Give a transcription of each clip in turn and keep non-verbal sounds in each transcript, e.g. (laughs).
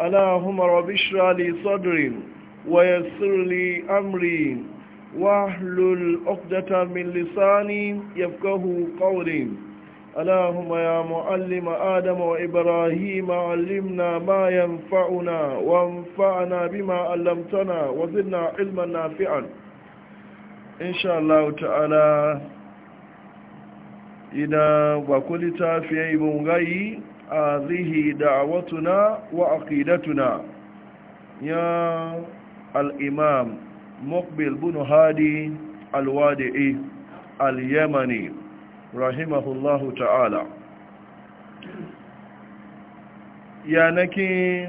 اللهم رب اشرح لي صدري ويسر لي امري واحلل عقدة من لساني يفقه قولي اللهم يا معلم آدم وإبراهيم علمنا ما ينفعنا وانفعنا بما علمتنا وزدنا علما نافعا إن شاء الله تعالى إذا وكل تافيه بونغاي da da'awatuna wa aqidatuna ya al-imam muqbil bin hadi al-wadi'i al-yamani rahimahullahu ta'ala ya nake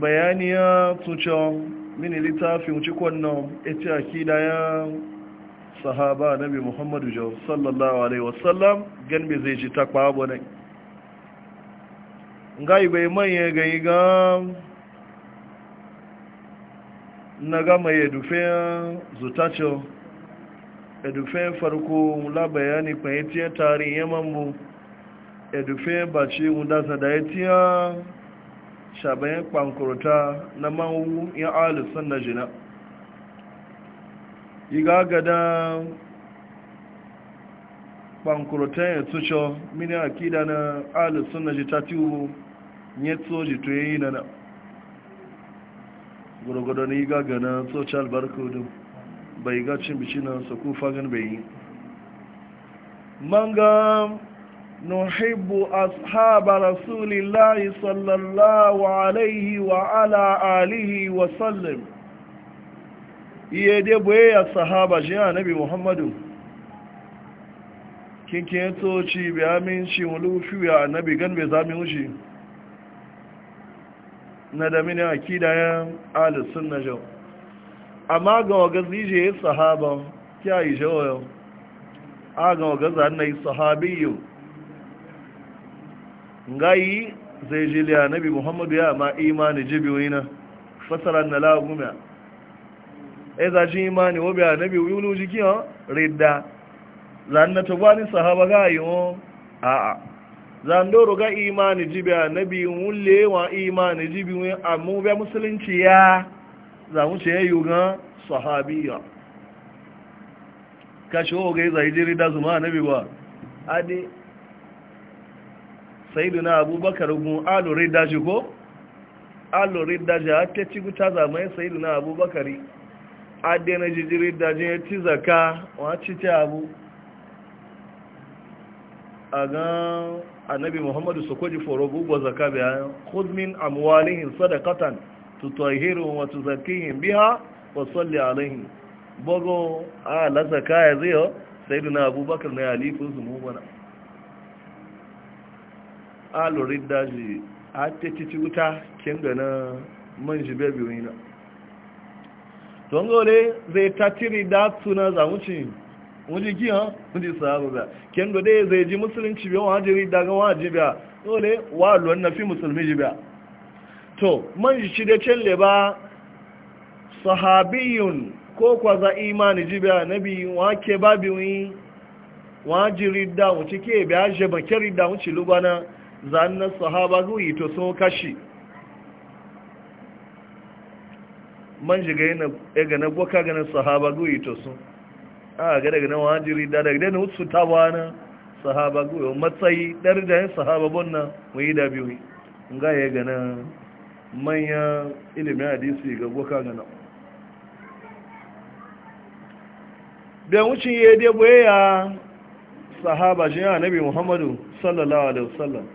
bayaniya tucho mini littafin cikon nan ita akida ya sahaba nabi muhammadu jau sallallahu alaihi wasallam gan me zai ji ta kwabo ne gai bai manye gai ga na gama ya dufe zutaccio edufe farko la bayani kwayetiyar tarihin yaman bu edufe bace wudasa da yatiyar shabayin kwankurta na manwu ya alisan na jina iga gada bankurotan ya tsucho mini akida na alisun na jitatiwu nye tsoji to yi na na gwargwado na iga gana tsoci bai ga cin bici na soku fagen bai yi manga nuhibbu ashaba rasulillahi sallallahu alaihi wa ala alihi wa sallam iye dai boye ya sahaba shi a nabi muhammadu kinkin toci bai aminci wulufi ya nabi gan bai zami wuce na da a akida ya alisun na jau amma ga waga zije ya sahaba kya yi jawo a ga waga zanai sahabiyu ngayi zai jiliya nabi muhammadu ya ma imani jibi na fasarar na lagumiya ai za shi imani wo bi annabi yulu jiki ha ridda zan na to bani sahaba ga yi wo a a zan doro ga imani jibi annabi wulle lewa imani jibi wa amma bi musulunci ya za mu ce yayu ga sahabiya shi o ga zai jiri da zuma annabi ba ade sayyidina abubakar gun alu ridda shi ko alu ridda shi hatta ci guta sayyidina abubakari adé na jijiri dajin ya ti zaka wọn ci ti abu a gan annabi muhammadu sokoji foro gugbo zaka bayan hudmin amwalihin sadakatan tutohirin wa tuzakihin biha wa tsalli alaihin bugu a lasaka ya zai sai duna abubakar na yalifin zumu bana a lori daji a ta ci wuta kin gana man jibe biyu na don zai tattiri da suna zamuci wani giya wani sahabu ba ken gode zai ji musulunci biyan wajiri daga biya gole wa luwan na fi musulmi biya to man shi da celle ba sahabiyun ko kwaza imani biya na biyu wake babiyoyi wajiri da wuce ke biya jebakari da wuce lubana na sahaba zuwa to sun kashi man shiga yana ga na boka ganin sahaba goyi to sun a ga daga na wajiri da daga na wasu ta bana sahaba goyi matsayi dar da yin sahaba bonna mu yi da biyu ga ya ga na manyan ilimin hadisi ga boka ganin bayan wucin ya dai boye ya sahaba shi ya nabi muhammadu sallallahu alaihi wasallam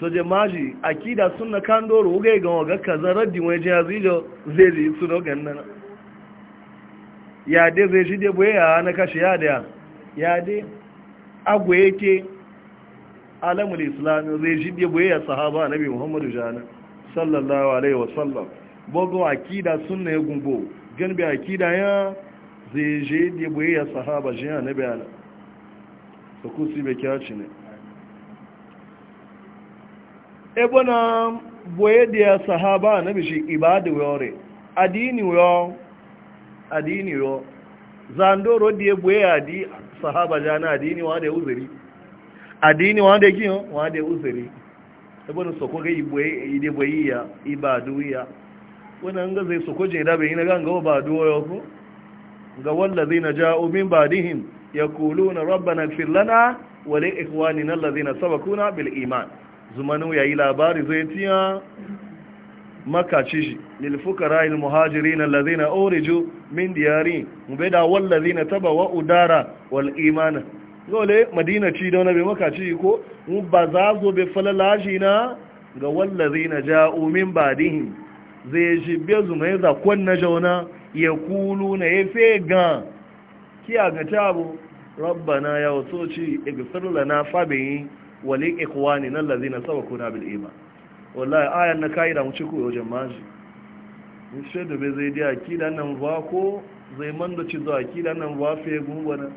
to jamaji akida suna kan doro uga ga waga kaza raddi wai jazijo zai zai su do ganna ya de zai shi de boye ya na kashi ya da ya de agwa yake alamul islam zai shi de boye ya sahaba annabi muhammadu jana sallallahu alaihi wasallam bogo akida suna ya gumbo gan bi akida ya zai shi de boye ya sahaba jana annabi ala so kusi bai kyaci ne ebe na boye da sahaba na bishi ibada wore adini yo adini yo zandoro da boye adi sahaba jana adini wa da uzuri adini wa da kiyo wa uzuri ebe na soko ga iboye ide boye ya ibadu ya ga zai soko je da na ganga ba ko ga ja'u min badihim yaquluna rabbana ighfir lana wa li ikhwanina sabaquna bil iman zumanu yayi labari zai tiya makaci shi lilfukara muhajiri na lazina orijo min diyari mube da wallazina taba wa udara wal imana dole madina ci da wani bai makaci ko mu ba za zo bai falalashi na ga wallazina ja'u min badihi zai shi bai zuma ya zakon na jauna ya kulu na ya fe ga kiya ga tabo rabbana ya wato ci igfir lana fabiyin wali ikwani nan na saba kuna bilima? Wala wallahi ayan na kayi da mu ci koyo jama'i in shi da bai zai da kida nan ba ko zai man da ci zuwa kida nan ba fiye gungwana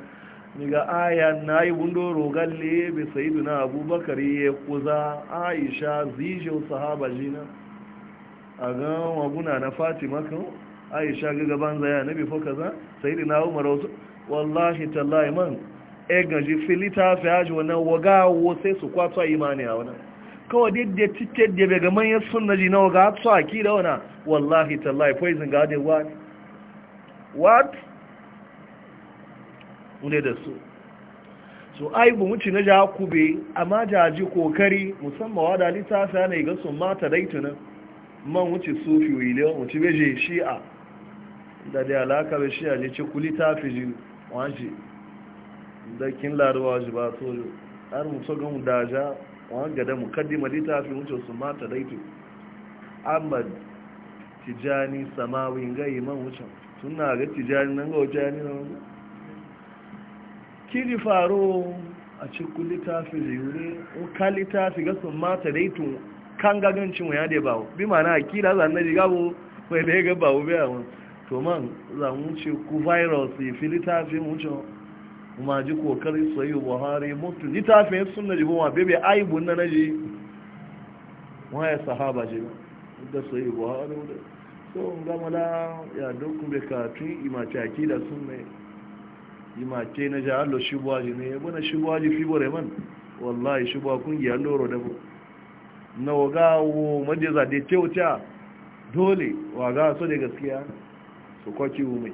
ni ga ayan na yi bundo rogalle bai sai na abubakar ya kuza aisha zijo sahaba jina a ga waguna na fatima kan aisha ga gaban zaya na bifo kaza sai na umar wasu wallahi tallahi man e gaji filita fi haji wannan wagawo sai su kwato imani a wannan kawai daidai cike da daga manyan sunnaji na waga hatsu a kira wana wallahi tallahi poison ga dai what what ne da su so ai bu mutu na ja kube amma da jaji kokari musamman wa da wada littafi ana ga sun mata daitunan man wuce sufi wile wuce beje shi'a da da alaka be shi'a ne ce kuli tafi ji wanji da kin laruwa ji ba so har muso gan daja wani gada mukaddima littafin wuce su mata daito ahmad tijani samawi ga wuce. wucin na ga tijani nan ga wuce na wani kiri faro a cikin littafi jure ka fi ga sun mata daito kan gagancin wani da bawo bi mana a kira na riga bu mai da ya gaba bawo biya wani to man ce ku virus fi littafin wuce? ma ji kokari sayi buhari mutu littafin suna ji goma bebe aibun na naji ya sahaba ji da sayi buhari da so gama da ya dokun bai katun imace aki da sunna imace na ji allo shibuwa ji ne ya bana shibuwa ji fi bore man wallahi shibuwa kungiya loro da bu na waga wo majiza da wuce dole waga so da gaskiya su kwaki umai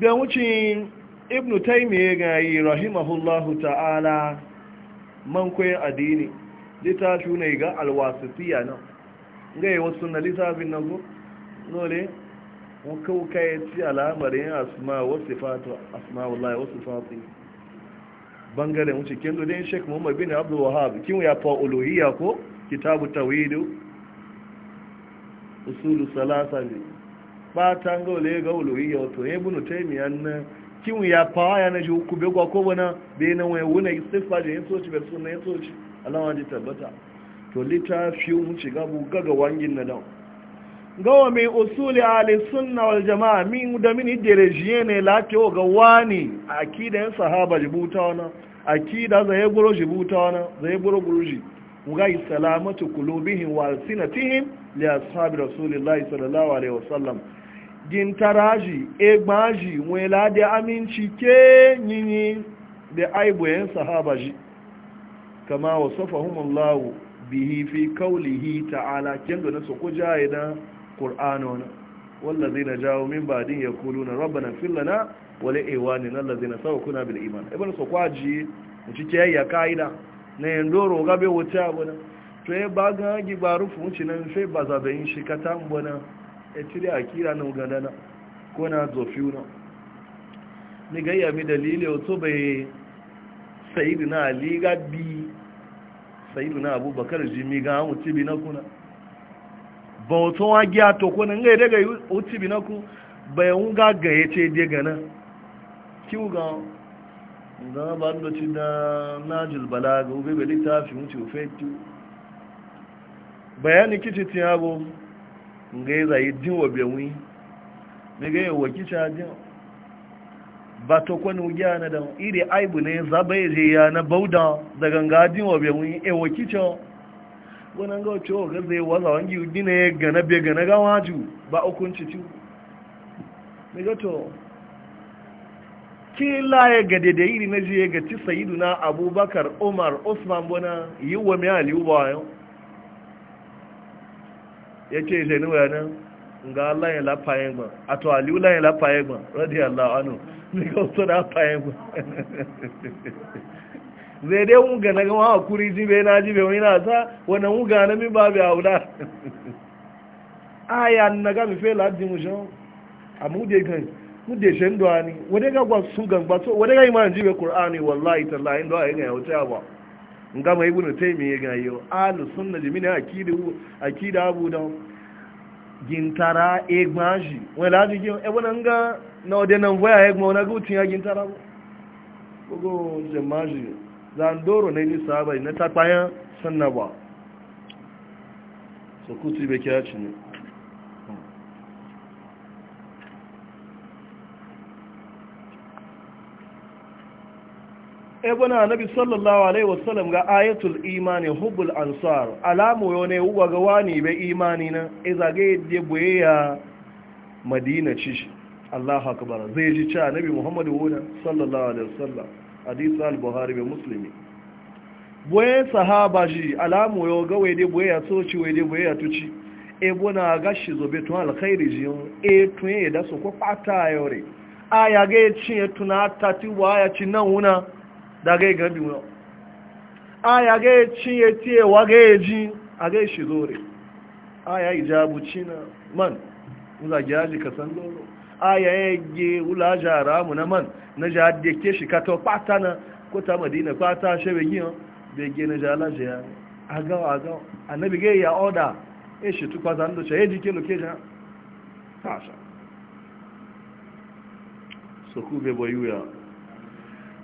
ga wucin ibn taimiyya ga yi rahimahullahu ta'ala man kwayan adini littafi ne ga alwasitiya nan ga yi wasu na littafin na zo nole wakauka ya ci al'amarin asma wasu fatu asma wallahi wasu fatu bangaren wuce kin dodin sheik muhammad bin abdul wahab kin ya fa uluhiyya ko kitabu tawhidu usulu salasa ne bata ga wale ga uluhiyya to ya bunu taimiya na kiwu ya fawa ya na ji ku be gwa ko bana be na waya wuna istifa da ya soci be suna ya soci Alama wa ji tabbata to lita fi mu ci gabu gaga wangin na dan gawa mai usuli ahli sunna wal jamaa min da min derejiye ne la ke ga wani akida yan sahaba jibuta wana akida zai goro jibuta wana zai goro guruji ngai salamatu qulubihim wa alsinatihim li ashabi rasulillahi sallallahu alaihi wasallam gintaraji egbaji wela da aminci ke yinyi da aibuyen sahaba ji kama wasafahumullahu bihi fi kaulihi ta'ala kin da nasu jaye na qur'anona wallazina jawo min ba'din yaquluna rabbana fil lana wa li iwanina allazina sabaquna bil iman ibn so kwaji cike ya kaida na yandoro gabe wuta bana to ya baga gi barufu mucinan sai bazabayin shi katan bana ya cire a kira na ugadana ko na zofi na ni ga yami dalilin wato bai sayidu na aliga bi sayidu na abubakar jimi ga an wuce bi na kuna ba wato wa giya to na nga ga bi na ku bai wunga ga ya ce die gana kiwu ga ga ba da ci da najil balaga ube bai littafi wuce ufetu bayani tiyago nga yi zayi dinwa bewi ne ga yawa kicha dinwa ba to kwani na da iri aibu ne zaba ya ya na bauda da ganga dinwa bewi ewa kicha wani ga wace wa ga zai waza wangi gina ya gana be gana ga waju ba hukunci ciwo ne ga to kila ya ga daidai iri na je ga ci sayidu na abubakar umar Osman, bona yi wa mai aliyu ba yau yake je ni wayanan Allah ya ato aliyu la ya lafaye gba radiyallahu anhu ni ko so da ha gba zai dai ga kuri jibe na jibe wani na sa wannan un ga na ba bi aula (laughs) aya naga mi fe mu mu ga ga jibe wallahi tallahi ga yauta ba gama ibn taymi ya gayo alu sunna jimi ne akidu akida abu da gintara egbaji wani ji gi e wona nga na ode nan voya egma wona gutin ya gintara bu go jemaji zandoro na ni sahaba na ta payan sunna ba so kuti be kiyaci ne ebona nabi sallallahu alaihi wasallam ga ayatul imani hubul ansar alamu yone uwa ga wani be imani na iza ga yadda boyayya madina ci Allah akbar zai ji cha nabi muhammadu wuna sallallahu alaihi wasallam hadith al-buhari be muslimi boye sahaba ji alamu yo ga wede boyayya soci wede boyayya tuci ebona ga shi zobe to alkhairi ji e tun e da so ko fata yore aya ga ci tunata ti ya ci nan una daga gabi mu aya ga ci ya tiye wa ga aga a ga shi zore aya ijabu na man uza jaji ka san doro aya ụlọ ula jara mu na man na jadde ke shi na ko ta na pata shebe giyo oh. bege na jala jiya aga agawa ya ọda e eji tukwa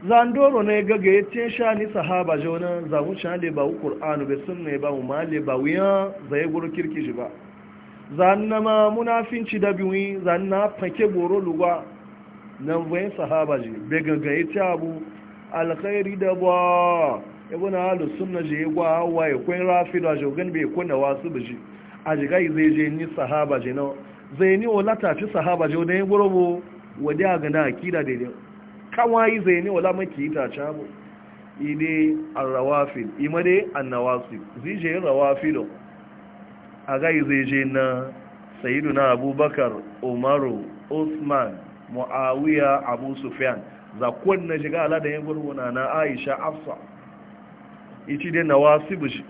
zandoro ne gaga ya ce sha ni sahaba za zamu sha hali ba wu qur'anu be sunna ba mu male ba wiya zai guru kirki shi ba zanna ma munafinci da biwi zanna fake goro luwa nan wayan sahaba ji be gaga ya ce abu alkhairi da ba ibn e ahlus sunna je ya gwa hawa ya e da rafida jogan be e kunna wasu biji a gai zai je ni sahaba je nan zai ni olata ci sahaba je ne gorobo wadi a gana akida daidai kawai zai ne wala maki ita cabo ide arrawafil ima dai annawasib zije rawafilo a gai zai je na na abubakar umaru osman muawiya abu sufyan za kwanne shiga ala da yin gurguna na aisha afsa ici dai nawasib shi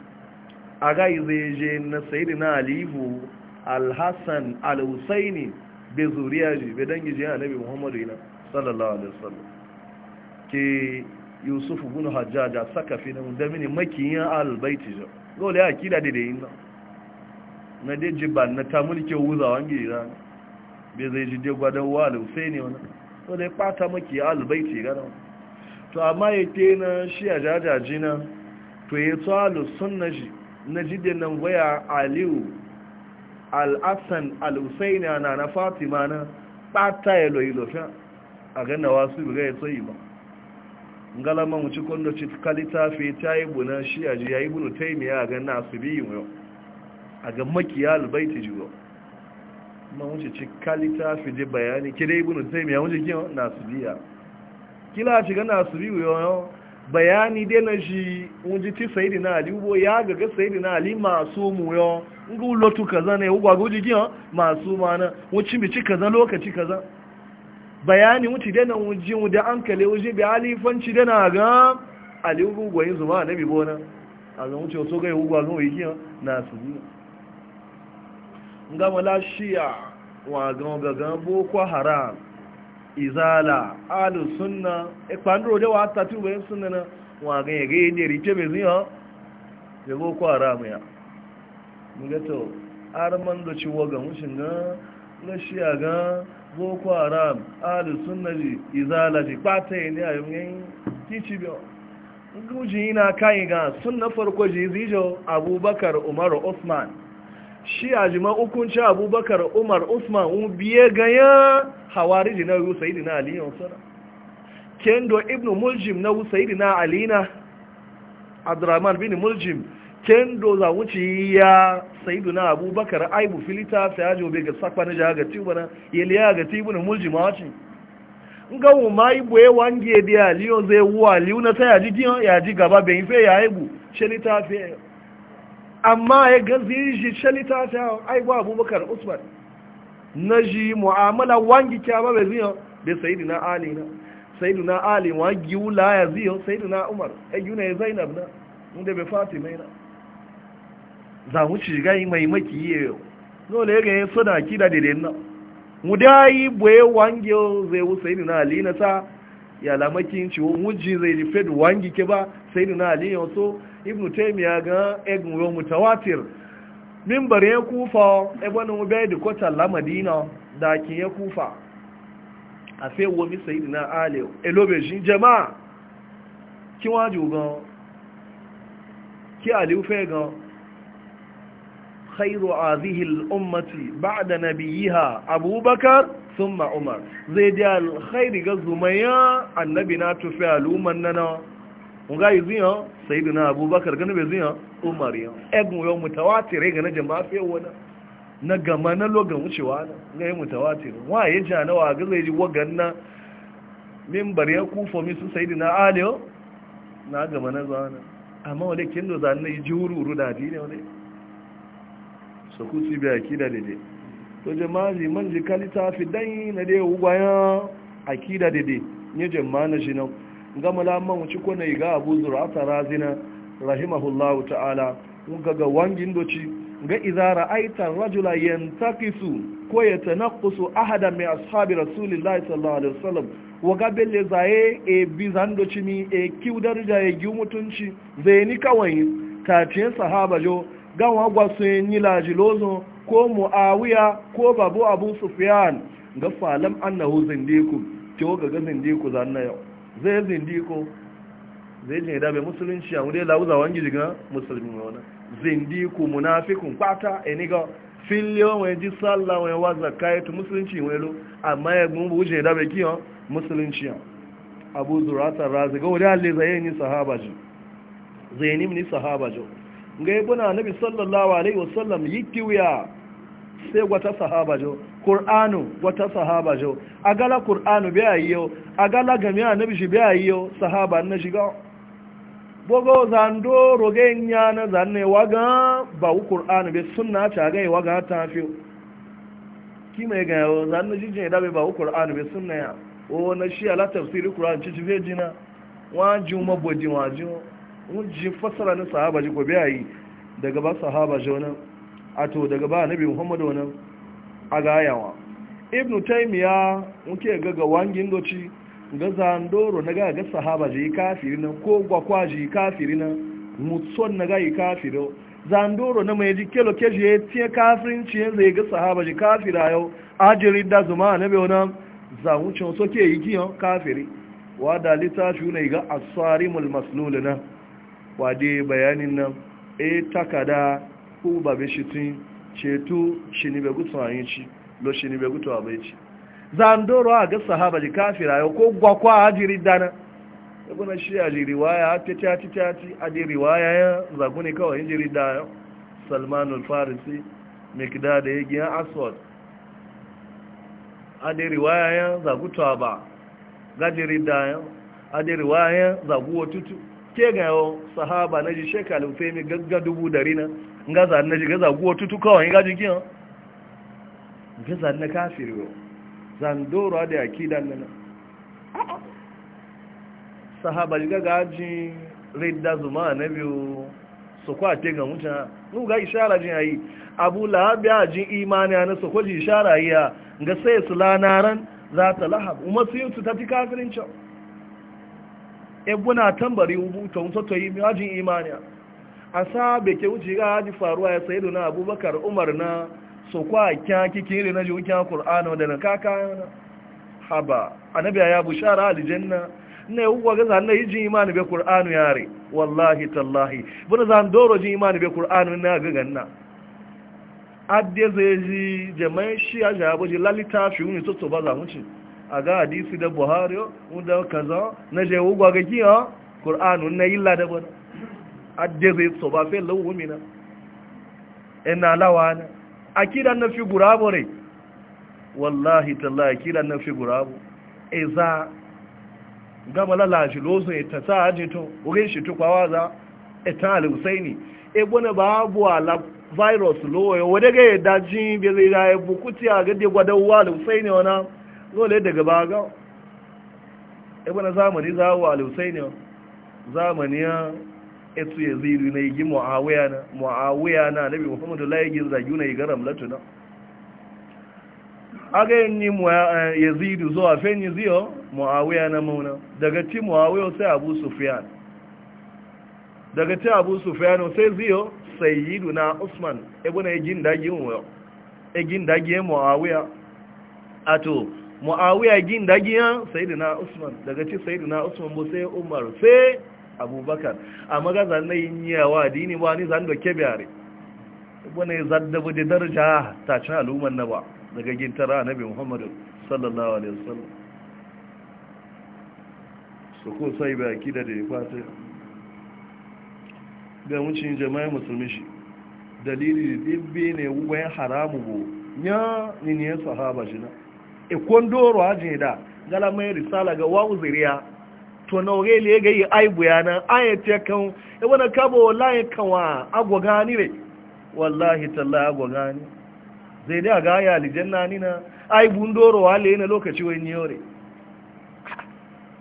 a gai zai je na na alifu alhassan alhussaini bai zuriya ji bai dangi ji annabi muhammadu ina sallallahu alaihi wasallam ke yusuf bin hajjaja saka fi nan da mini makiyan albaiti jo dole ya kida da dai na na dai jiban na ta mulke wuza wangi da be zai ji dai gwadan wal husaini wannan dai pata maki albaiti ga nan to amma yake na shi a jajaji na to ya tsalo sunna ji na da nan waya aliyu al-asan al-husaini ana na fatima na pata ya loyi lofa a ganna wasu bugai tsayi ba ngalama mu cikon da cika littafi ta yi shi a ji ya yi bunu taimiya ga nasu biyu yau a ga makiya albaiti jiwo ma wuce cika littafi da bayani kira yi bunu taimiya wuce kiyo nasu biya kila shiga nasu biyu yau bayani dai na shi wuce ti sayidi na ali ubo ya gaga sayidi na ali masu mu yau ngu lotu kaza ne ugwa guji kiyo masu mana wuce mi ci kaza lokaci kaza bayani wuce dana wujin da an kale wuje bi alifanci dana ga aliyu gwayin zuma na nabi bona a zan wuce wasu gaya hugwa zuwa yi na su biyu gama shiya wa gama gaga boko haram izala alu sunna ikpandoro e da wa tatu bayan sunna na wa ga ya ga yi ne rike mai zuwa da boko haram ya mugato arman da ciwo ga mushin na lashiya ga boko haram ahlus sunna ji izala ji pata ne a yin kici biyu guji na kayi ga sunna farko ji zijo abubakar umar usman shi a jima ukunci abubakar umar usman un biye ganya hawariji na yusaidi na aliyan yansara kendo Ibn muljim na yusaidi na alina abdurrahman bin muljim kendo za wuce ya saidu na abubakar aibu filita fi ajo bai ga sakwa na jaha ga tibuna yali ya ga tibuna muljima wace nga mu ma ibu e wangi e di aliyo ze wu aliyu na ta yaji diyan yaji gaba bai fe ya aibu shelita fi amma ya e ga ziji shelita fi aibu abubakar usman na ji mu'amala wangi kya ba bai ziyan da saidu na ali na saidu na ali wangi wula ya ziyan saidu na umar ayyuna e ya e zainab na inda bai fatima na za mu ci mai maki yau dole ga yin suna kida da dinna mu dai boye wange zai wuce ni na ali na sa ya lamakin mu ji zai ji fed wangi ke ba sai ni na ali ya so ibnu taymiya ga egun yo mutawatir min bare kufa ibn ubay da kota la madina da kin ya kufa a fe wo mi sayyidina ali E, lobe jin jama'a ki waju gan ki ali fe gan khairu hadhihi al-ummati ba'da nabiyiha abubakar thumma umar zai da alkhairi ga zumaya annabi na tufi aluman nana unga yiziyo sayyidina abubakar gani bai ziyo umar yo egun yo mutawatir ga na jama'a fe wona na gama na logan wucewa na ga yi mutawatir wa ya ja na wa ga zai ji wagan na mimbar ya kufo mi su sayyidina aliyo na gama na zana amma wale kin do zan ne ji wuru wuru da dine wale su da bai akida dede to jama'i man ji kalita fi dai na dai ugwaya akida dede ne jama'a na jinan gama malaman wuci ko na iga abu zura ta rahimahullahu ta'ala mun ga wangin doci ga izara aitan rajula yantakisu ko ya tanaqqusu ahada min ashabi rasulillahi sallallahu alaihi wasallam waga belle zaye e bizan doci mi e kiudar jaye gi mutunci zai ni kawai tatiyan sahaba jo gawa gwasun yi lajilozun ko mu'awiya ko babu abu sufiyan ga falam annahu zindiku ce ga ga zindiku zanna yau zai zindiku zai jin idabe musulunci a wunde lauza wangi jiga musulmi wani zindiku munafikun kwata eniga filiyon wani ji sallah wani waza kayi musulunci wani lo amma ya gumbu wuce idabe kiyon musulunci yau abu zuratar razi ga wuri halle zai yi ni sahaba ji zai ni sahaba ji ga ibuna e nabi sallallahu alaihi wasallam yi kiwiya sai wata sahaba jo qur'anu wata sahaba jo agala qur'anu a gala agala gami nabi shi bi ayo sahaba na shiga bogo zando rogen ya na zanne waga ba qur'anu bi sunna ta ga e waga ta fi ki mai e ga zanne jije da ba qur'anu bi sunna ya o na shi ala tafsiri qur'an ci ci jina wa juma bodi wa juma ji fasara na sahaba ji ko biyayi daga ba sahaba ji wani ato daga ba nabi muhammad wani a gayawa ibn taimiya muke gaga wangin doci ga zandoro na gaga sahaba ji kafiri na ko gwakwa ji kafiri na mutson na gayi kafiri zandoro na mai ji kelo keji ya tiye kafirin ciyen zai ga sahaba ji a yau ajiri da zuma nabi wani zamucin soke yi kiyon kafiri wa dalita shi ne ga asarimul maslulina wade bayanin nan e takada ku babe shi tun ceto shi ni begutu a yin ci lo shi ni begutu a bai ci zandoro a ga sahaba ji kafira ya ko gwakwa a jiri dana ibn shi a jiri waya a titi a titi a ti a jiri waya ya zagu ne kawai yin jiri dana salmanul farisi mikda da ya giyan aswad a jiri waya ya zagu tuwa ba ga jiri dana a jiri waya ya zagu wa tutu ke ga yawon sahaba na ji shekalu femi gaggar dubu dari na gaza na ji gaza guwa tutu kawai ga jikin gaza na kafiri yau zandora da akida nan sahaba ji gaga ji ridda zuma na biyu su te ga na nuga ishara jin ayi abu lahabi a jin imani na su kwaji ishara yi ga sai su lanaran za ta lahab umar su yi su tafi kafirin can ebuna tambari rubuta un soto yi majin imaniya a sa beke wuce ga haji faruwa ya sayi na abubakar umar na so kwa kya kikin na wukin kur'ana da na kaka haba annabi ya bushara aljanna ne uwa ga zan yi jin imani be kur'anu yare wallahi tallahi Buna zan doro jin imani be kur'anu na ga ganna adde zai ji jama'i shi a jabo ji lalita fi wuni to to ba za mu ci Aga hadisi da buhari da kaza na je ugwa ga kiya qur'anu na illa da bana adde zai so ba fe lawu mina ina lawana akida na fi gurabo ne wallahi tallahi akida na fi gurabo e za gama lalashi lozo e ta sa aje to ure shi tukwawa za e ta al-husaini e bona babu ala virus lowo wadaga ya jin bai zai ya e bukuti a gade wa al-husaini wana dole daga baga ibana zamani za wa alusai ne. zamani ya etu yazidu na yi muawiya na muawiya na nabi muhammadu la yi zagi na yi garam latuna aga yi eh, yazidu zuwa fenyi ziyo muawiya na mauna daga ti muawiya sai abu fiyan. daga ti abu fiyan sai ziyo sai sayyidu na usman ibana yi gin dagi muawiya ato mu'awiyar gin dagiyan na usman daga ci na usman bu sai umar sai abubakar A magaza na yin yawa dini ba ni zan doke bare ne zaddabu da daraja ta cin al'umman na ba daga na bi muhammadu sallallahu alaihi wasallam su ko sai ba kida da ya fata ga mucin jama'a musulmi shi dalili dibbe ne ya haramu bu ya ni ne sahaba shi na ekwondoro doro aje da gala mai risala ga wawu zuriya to na oge le ga yi aibu buyana ai te kan e wona kabo e wallahi kanwa agwagani re wallahi tallahi agwagani zai da ga ya aljanna ni na ai bundoro wale na lokaci wani yore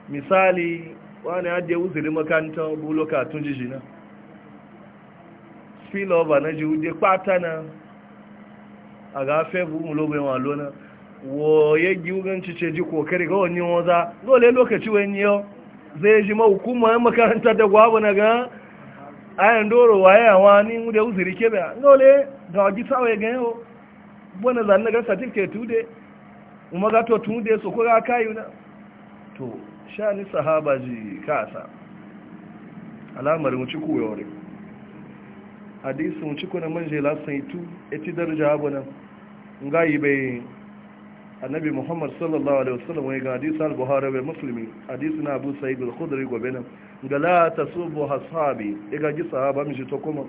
misali wani ajiye uzuri makanta buloka tun jijina spillover na ji wude kpata na fe bu mu lobe wa lona wo ya giwugan cice ji kokari ga wani waza dole lokaci wani yau zai ji ma hukumar makaranta da gwabu na ga ayan doro waye yawa ni da uzuri ke ba dole ga waji sawa ga yau bona zan ga certificate tude kuma ga to tude so ko ga kayu na to shani sahaba ji kasa alamar mu ci ku yore hadisi mu ci na manje la sai tu eti darja abuna ngai bai annabi muhammad sallallahu alaihi wasallam ga hadis al-buhari wa muslimi hadis na abu sa'id al-khudri gobe nan ga la tasubu hasabi iga ji sahaba mi shi to kuma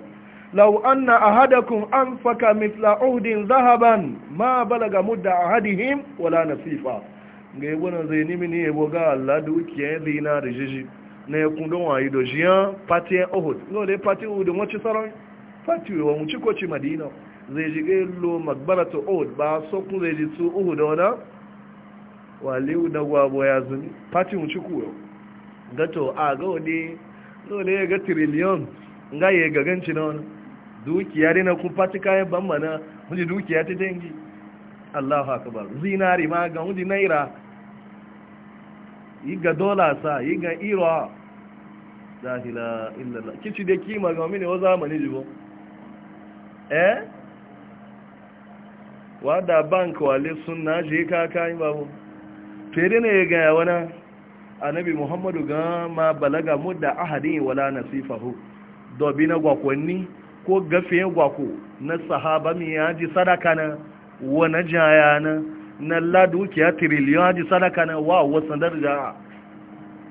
law anna ahadakum faka mithla uhdin dhahaban ma balaga mudda ahadihim wala nasifa ga yabo nan zai nimi ne yabo ga Allah dukiya dina da jiji na ya kundon wayi do jiyan pati uhud no le pati uhud mo ci saron pati wa mu ci ko ci madina zai ji Magbara to od ba so ku zai ji uhu da wana waliu na gwabo ya zuni fatin wuci kuwa gato a ga wani no ne ga trillion ga ye ga ganci na wani dukiya dai na ku fati kayan ban mana mun dukiya ta dangi Allahu akabar zinari ma ga wani naira yi ga dola sa yi ga iro la illallah kici da kima ga ne wa zamani jibo eh wadda bank wale suna je ka kayan babu fere ne ga wani annabi muhammadu ga ma balaga mudda ahadin wala nasifahu dobi na gwakwanni ko gafe gwako na sahaba mi ji sadaka na wani jaya na na ladukiya tiriliyon ji sadaka na wa wasan darja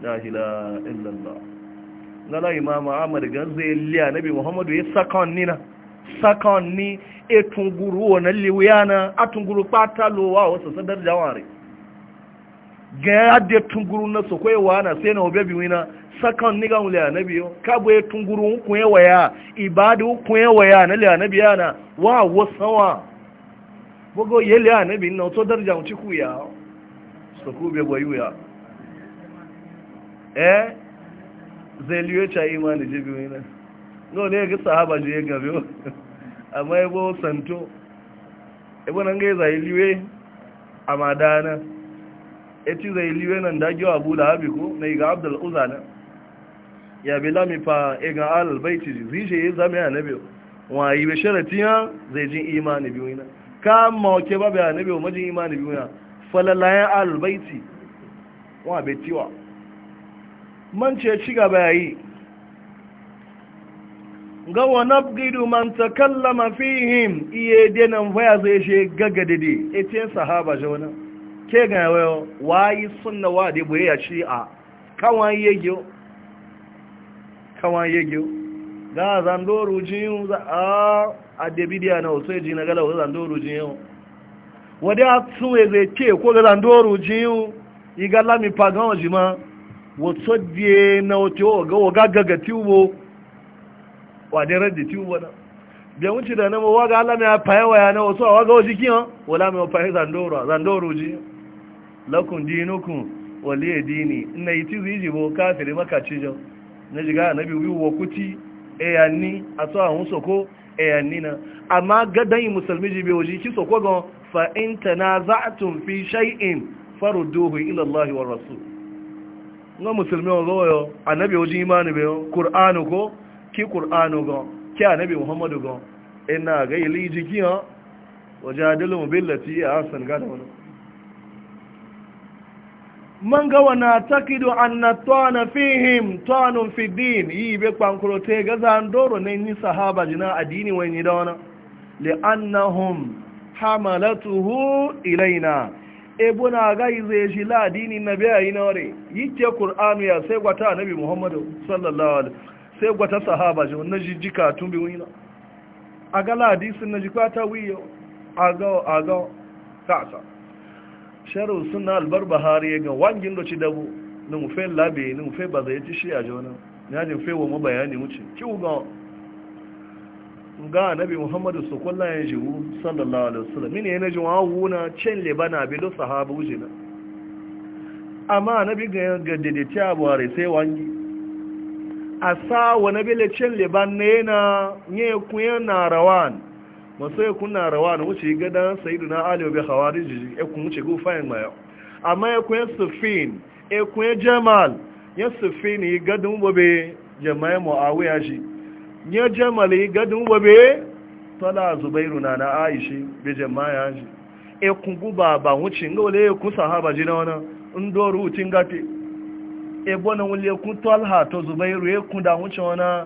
la ila illallah na la imama amur ga zai liya nabi muhammadu ya sakon ni na sakon ni e tunguru wannan na a tunguru pata lowa wasu sadar jaware tunguru na su na obe biyu na sakan niga na biyo kabo ya tunguru ya na liya na biya na liya na biyu na wato darja wuce ku ya bai gwayu ya eh zai liyo ca imani je biyu na no ne ga sahaba je (laughs) amma yabo santo yabo nan ga zai liwe a madana eti zai liwe nan da gyo abu da abiku na iga abdul uzana ya bi lami fa e ga al ya zama ya nabi wa yi sharati ya zai jin imani biyu yana ka ma ke ba ya nabi ma jin imani biyu yana falalayan al Wa wa betiwa man ce ci gaba yayi ga wa gidu man takallama fihim iye denan waya zai shi gaga Ita e yin sahaba wani ke ga wayo wayi suna wa de boye ya shi a kawan yegyo kawan yegyo ga zandoru jiyu za a adebidiya na wasu ji na gala wa zandoru jiyu wadda su e zai ce ko ga zandoru jiyu igala mi pagan jima wasu die na wato ga gaga gagagati wade raddi ti na. bi wuce da nama waga Allah mai faye waya na wasu a waga waji kiyan wala mai faye zandoro zandoro ji lakum wale ya dini yi yiti ziji bo kafiri maka jo na jiga biyu biyu wa kuti e yanni a hun soko e yanni na amma yi musulmi ji be waji ki soko gon fa in tun fi shay'in faru dohu ilallahi wa rasu. Nga musulmi a yo annabi waji imani be qur'anu ko ki ƙur'anu gan ki anabi muhammadu gan ina ga ili jikiya wajen adilin mobility a hassan gada wani man gawa na takido an na tona fihim fi fidin yi be kwankuro te gaza an doro na yi sahaba jina addini wani da wani li'annahum hamalatuhu ilaina ebo na ga zai shi la adini na biya yi na ware yi ke kur'anu ya sai gwata Anabi muhammadu sallallahu alaihi sai gwata sahaba ji wannan ji jika tun bi wina a ga ladisin na ji ta wiyo a ga a ga kasa sharu sunna albar bahari ga wangin do ci dabu na mu fe labe ni mu fe ba zai ci shi a jona na jin fe wa mu bayani mu ci ki ga ga nabi muhammadu sallallahu alaihi wasallam sallallahu alaihi wasallam mine ne jin wa wuna cin lebana bi do sahaba wujina amma nabi ga ga dede ti abuware sai wangi a sa wani bilicin liban na yana yi kuyen na rawan masu yi kuna rawan wuce gada sayidu na aliyu bai hawari jiji ya kun wuce gufayin mayo amma ya kuyen sufin ya kuyen jamal ya sufin yi gadin babe jama'ai mu'awiya shi ya jamal yi gadin babe tala zubairu na na aishi bai jama'a shi ya kun guba ba wuce ga wale ya kun sahaba ji na wani ndo rutin gati ebo na wule kun talha to zubairu ya kun da wuce wani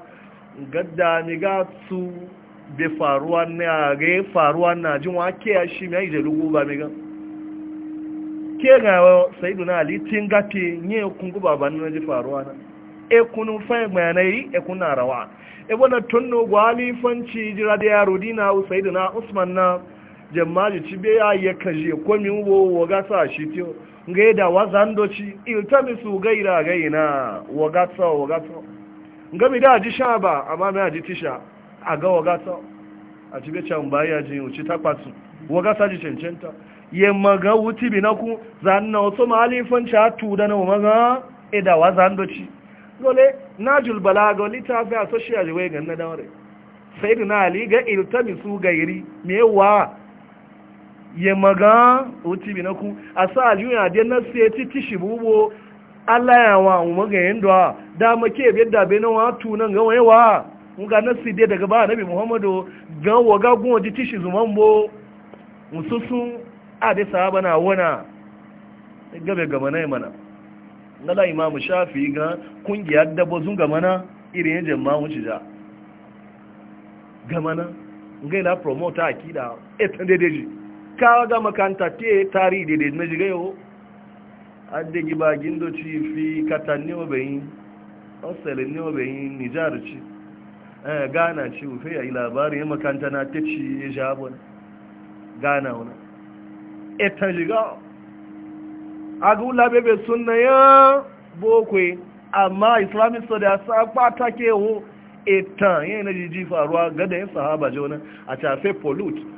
gadda ni ga su be faruwa na ga faruwa na jin wa ke ya shi mai lugu ba mi ga ke ga saidu na ali tin gate nye kun guba ban na ji faruwa na e kunu fa mai na yi e kun na rawa e bona tonno gwali fanci jira da yaro dina saidu na usman na jama'a ci be ya kaje ko mi wo ga sa shi tiyo ngai da wazan doci iltamisu gaira gaina wagata wagata ngami da ji sha ba amma mai ji tisha a ga wagata a ci becan baya ji uci takwasu wagata ji cancanta ye maga wuti binaku zanna wato malifan cha tuda na maga ida wazan doci gole najul balaga litafi a social way ganna daure sayyidina ali ga iltamisu gairi mewa ya maga oti bi naku asa aliyu ya de na se ti ti Allah ya wa mu maga yendo da make be da be na tu na ga wayewa mu ga nasi de daga ba nabi muhammadu ga waga gun wadi ti shi zuman bo mususu a de sahaba na wana gabe gama na mana nala imam shafi ga kungiya dabo zun gama na irin yin jama'a wuce ja gama na ngai la promoter akida etan dedeji ka ga makanta te tari daidai na jiga yau adda ba da ci fi katanni obayin australian ne obayin nijar ci eh, gana ci ufe ya yi labari ya makanta na ta ci ya sha gana wuna etan jiga agula bebe suna ya bokwe amma islamic study a sa kwata ke hu etan yana jiji faruwa gada yin sahaba jona a tafe pollute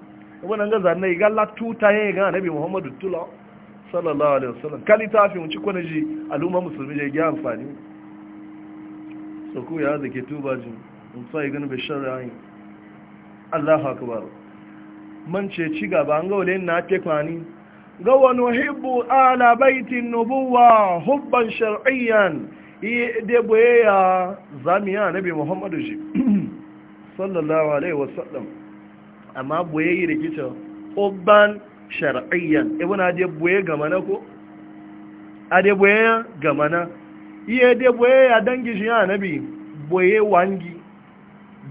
wannan ga zanne ga la tuta ya ga nabi muhammadu tula sallallahu alaihi wasallam kali tafi mun ci kona ji al'umma musulmi je ga amfani so ku ya ke tuba ji mun sai ganin bai sharri Allahu akbar man ce ci gaba an ga wale na te kwani ga wani hibbu ala baitin nubuwa hubban shar'iyyan iya boye ya zamiya nabi muhammadu ji (clears throat) sallallahu alaihi wasallam amma boye yi rikicin hubban shar'iyyan ibn ade boye gama na ko ade boye gama na iye de boye ya dangi shi nabi? boye wangi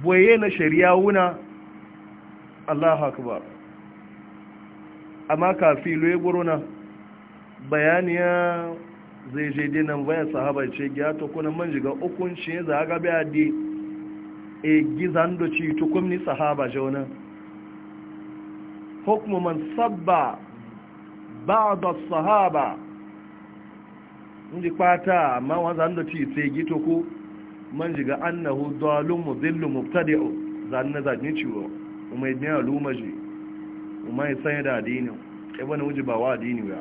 boye na shari'a wuna Allahu akbar amma kafi ya guruna bayaniya zai je dai nan bayan sahabar ce gya kuna kuna man jiga hukunci za ga biya di e gizan do ci to sahaba hukmu man sabba ba'd as-sahaba ndi kwata Amma wanda da ci sai gito ko man jiga annahu dalum mudillu mubtadi'u zanna zanni ciwo umai ne alumaji umai sai da dinin kai wani wuji ba wa dini ba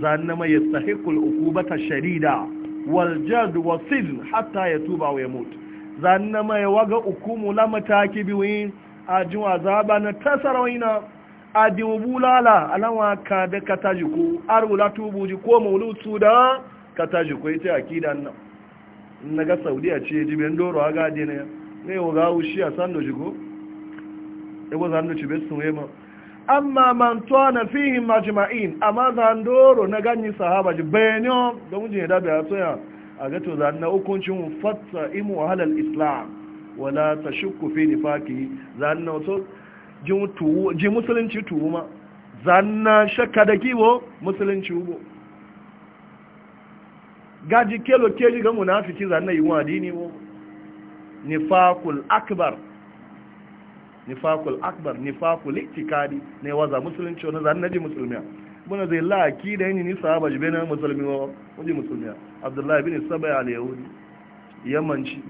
zanna mai yastahiqu al-uqubata sharida wal jad wa sil hatta yatuba wa yamut zanna mai waga hukumu la mataki biwin ajin azaba na tasarawina adi wubulala alawa ka da katajiku arula tubuji ko maulutu da katajiku ita akidan nan na ga saudiya ce jibin doro a gadi ne ne wa ga wushi a sando jiko ebo zando ci be sun ma. amma man tana fihim majma'in amma zandoro na ganyi sahaba ji benyo don jin da ba tsoya a ga to zan na hukuncin fatta imu halal islam wala ta fi nifaki zan na ji musulunci tuwu ma zanna shakka da kiwo musulunci ugo gaji kelo keji ga munafiki zanna yi wa dini wo nifakul akbar nifakul akbar nifakul iktikadi ne waza musulunci wani zanna ji musulmiya buna zai laki da yini nisa ba jibe na musulmi wa wajen musulmiya abdullahi bin saba ya al-yahudi yammanci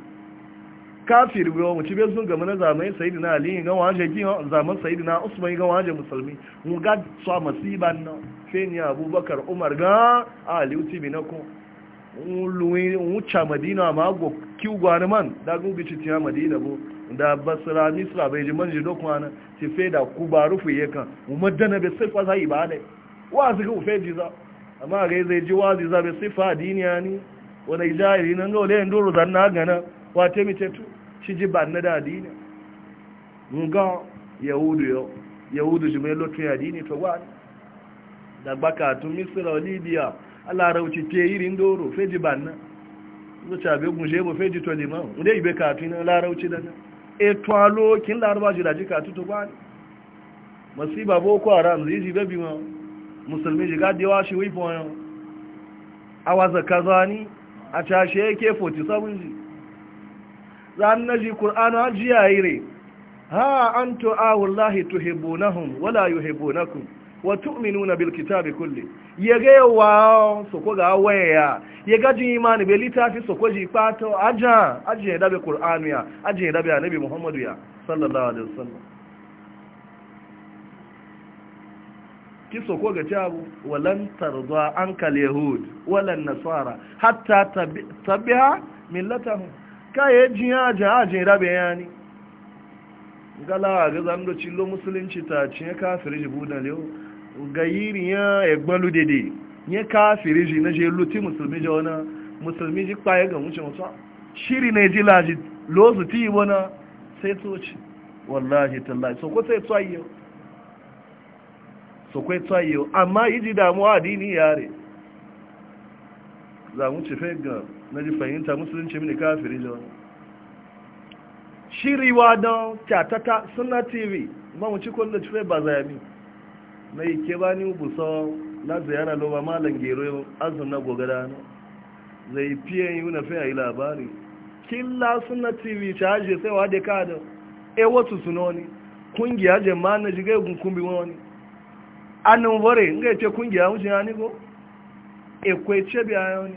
kafir biyo mu cibe sun gama na zamanin sayidina ali ga waje ki zaman sayidina usman ga waje musulmi mu ga so masiban no feni abubakar umar ga ali uti binako luwi cha madina ma go ki gwani man da bi ci tiya madina bo da basra misra bai ji do dokwana ti fe da kuba rufu yakan mu madana be sai fa sai ibade wa su ga fe ji za amma ga zai ji wa zai za be sai fa diniya ni wani jahiri nan ga wale ndoro zanna gana wa temi tetu ciji ba na dadi ne nga yahudu yo yahudu shi mai lotu ya ne to wa da baka tun misira libya allah rauci te irin doro feji ba na zuciya bai gunje ba feji to liman inda ibe katu na larauci da na e twalo kin laraba ji daji katu to ba masiba boko haram zai ji bebi ma musulmi ji gadewa shi wifon yau a wasa kazani a cashe yake 47 ji ran naji qur'ana jiya yire ha antu awallahi ah, tuhibbunahum wala yuhibbunakum wa tu'minuna bil kitabi kulli yega wa soko ga waya yega ji imani be litafi soko ji pato aja aje da be qur'anu ya aje da be annabi muhammadu ya sallallahu alaihi wasallam ki soko ga tabu walan tarda ankal yahud walan nasara hatta tabiha millatahum kaye jiya jihajin rabe yani galawa ga zando cillo musulunci ta cinye kafiri jibu da lewu ga yiri ya egbalu dede ya kafiri ji na je luti musulmi ji wana musulmi ji kpaye ga wuce wasu shiri na ji laji lozu ti wana sai toci wallahi tallahi so ko sai yau? so ko yau? amma yi damuwa dini yare za mu ci fe ga na ji fahimta musulunci mini kafiri da wani shiriwa don tatata suna tv ma kwallo ci ba za mi na ike ba ni busa na ziyara loba malam gero azun na gogada na zai fiye yi wuna fiye yi labari killa suna tv ta haje sai wa da kada e wasu sunoni kungiya jama'a na jigai gunkumbi wani annan ware nga ce kungiya wuce ya ni go e kwaice biya yau ne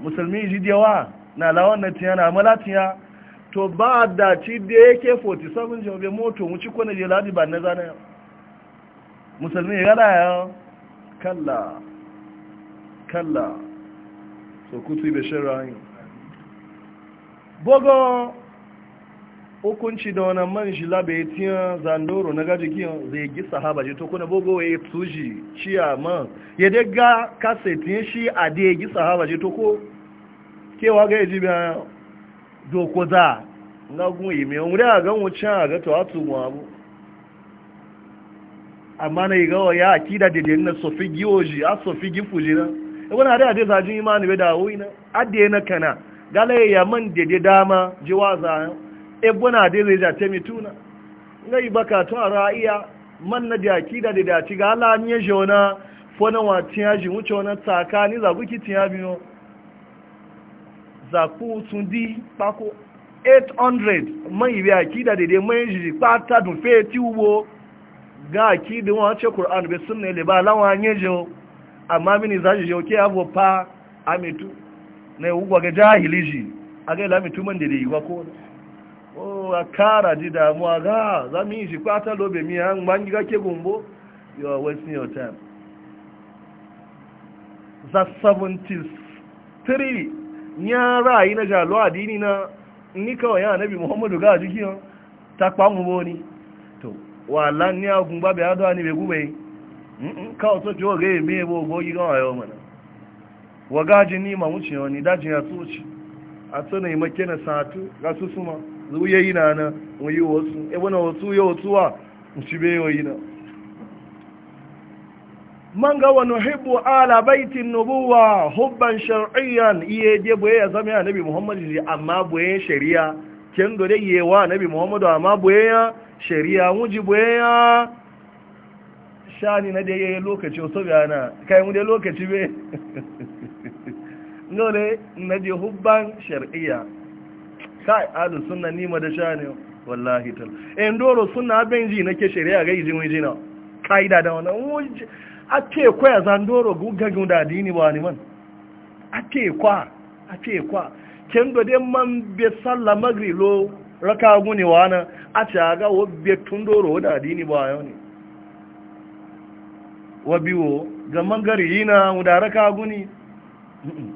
musulmi ji yawa na lawan na tiya na malatiya to ba da ci da yake 47 jami'ai moto wuci kone je ladi ba na zane musulmi ya gada ya kalla kalla so kutu ibe shirin bogo hukunci da wani man shi labe tiya zandoro na gaji kiyan zai gi sahaba ji to kuna bogo ya tuji ciya man ya dai ga kasa tiyan shi a da ya gi sahaba ji to ko kewa ga ya ji biya doko za na gun yi mai wuri a gan wucin a ga tawa tumu abu amma na yi gawa ya akida da dai na sofi giwoji a sofi gifuji na ya wani hada da zajin imani bai da wuyi na adiye na kana galaye ya man dede dama jiwa za ebona dai zai jace mituna ngai baka to ra'iya man na da akida da da ci ga Allah nye jona fona wa tiya ji wuce wona tsakani za guki tiya biyo za ku tun di pako 800 man ibe akida da dai man ji pata dun fe ti wo ga akida wa ce Qur'an be sunna le ba lawa nye jo amma mini za ji jo ke abo pa amitu ne ugwa ga jahiliji aga la mitu man da dai wa ko wa kara ji damuwa ga za mu yi shi kwata lobe mi an bangi kake gumbo you are wasting your time za 73 ya ra'ayi na jalo adini na ni kawai ya muhammadu ga jiki ta kpamu boni to wala ni agun babe adwa ni be gube kawo to jo ga me bo go mana a zuye yi na na yi wasu ebe wasu ya wasu wa ci be yi na man ga wani hibbu ala baitin nubuwa hubban shari'an iya je buye ya zama nabi muhammad ji amma buye shari'a ken do dai yewa nabi muhammad amma buye ya shari'a wuji boye ya shani na dai yayin lokaci so na kai mu dai lokaci be (laughs) ngole na je hubban shar'iyya kai ahlus suna nima da da ne wallahi tal en eh, doro sunna ben ji nake shari'a ga izin wai jina kaida da a ake kwaya zan doro gugagun da dini ba ni man ake kwa ake kwa kendo de man be salla magri lo raka wa wana a ce ga wo be tundoro da dini ba yau ne wa biwo ga mangari yana raka guni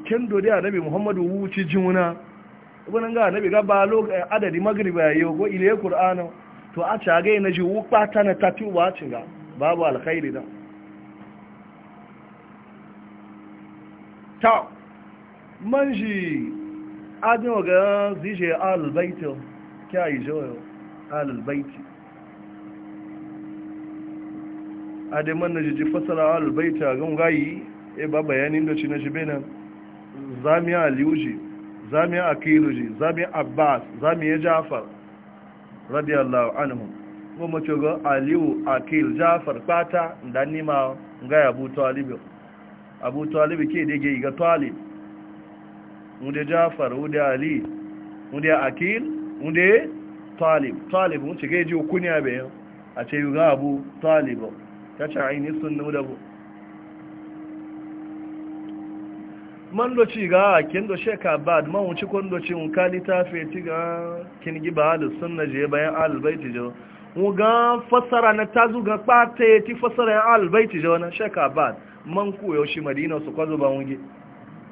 kendo de annabi muhammadu wuci juna wani ga nabi ga ba lo eh, adadi magriba yi ko ile qur'ana to a ca na ji wukpa ta na tafi wa cinga babu alkhairi da ta manji adin ga zije kya yi joyo albayt adin man na ji fasara albayt ga ngai e ba bayanin da ci na shi benan zamiya aliuji zami akiruji zami abbas zami jafar radiyallahu anhu ko mace ga aliyu akil jafar fata da nima ga abu talib abu talib ke da ga ga talib mude jafar mude ali mude akil mude talib talib mun ce ga ji kunya be a ce ga abu talib ta ce aini sunna da bu man ci ga kin do sheka bad man wuci kon ci un kali ta feti ga kin gi ba al sunna je bayan bait jo mu ga fasara na tazu ga pate ti fasara al bait jo na sheka bad man ku yo shi madina su kwazo ba wungi